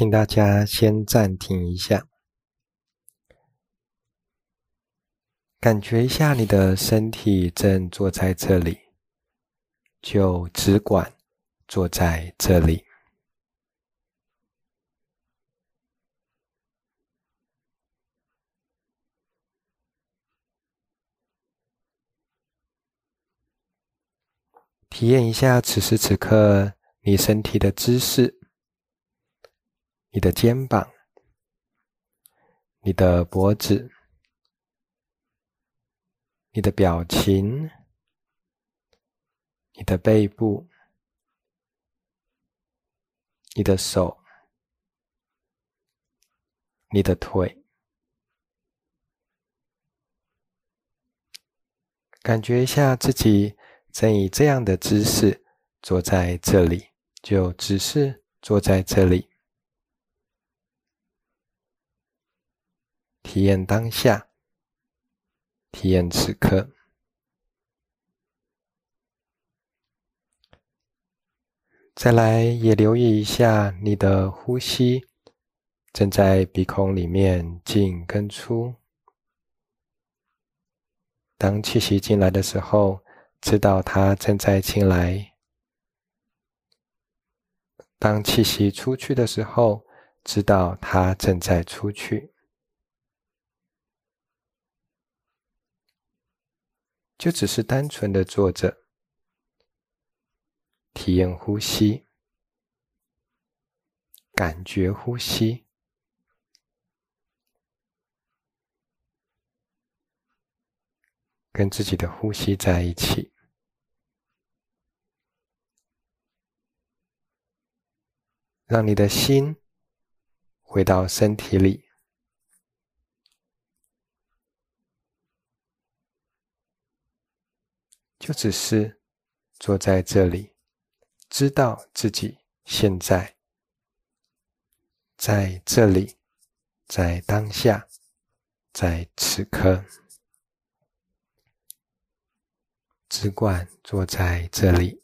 請大家先暫停一下，感覺一下你的身體正坐在這裡，就只管坐在這裡，體驗一下此時此刻你身體的姿勢。你的肩膀，你的脖子，你的表情，你的背部，你的手，你的腿，感覺一下自己正以這樣的姿勢坐在這裡，就只是坐在這裡。體驗當下，體驗此刻。再來，也留意一下你的呼吸，正在鼻孔裡面進跟出。當氣息進來的時候，知道它正在進來；當氣息出去的時候，知道它正在出去。就只是單純的坐着，體驗呼吸，感覺呼吸，跟自己的呼吸在一起，讓你的心回到身體裡。就只是坐在這裡，知道自己現在，在這裡，在當下，在此刻，只管坐在這裡。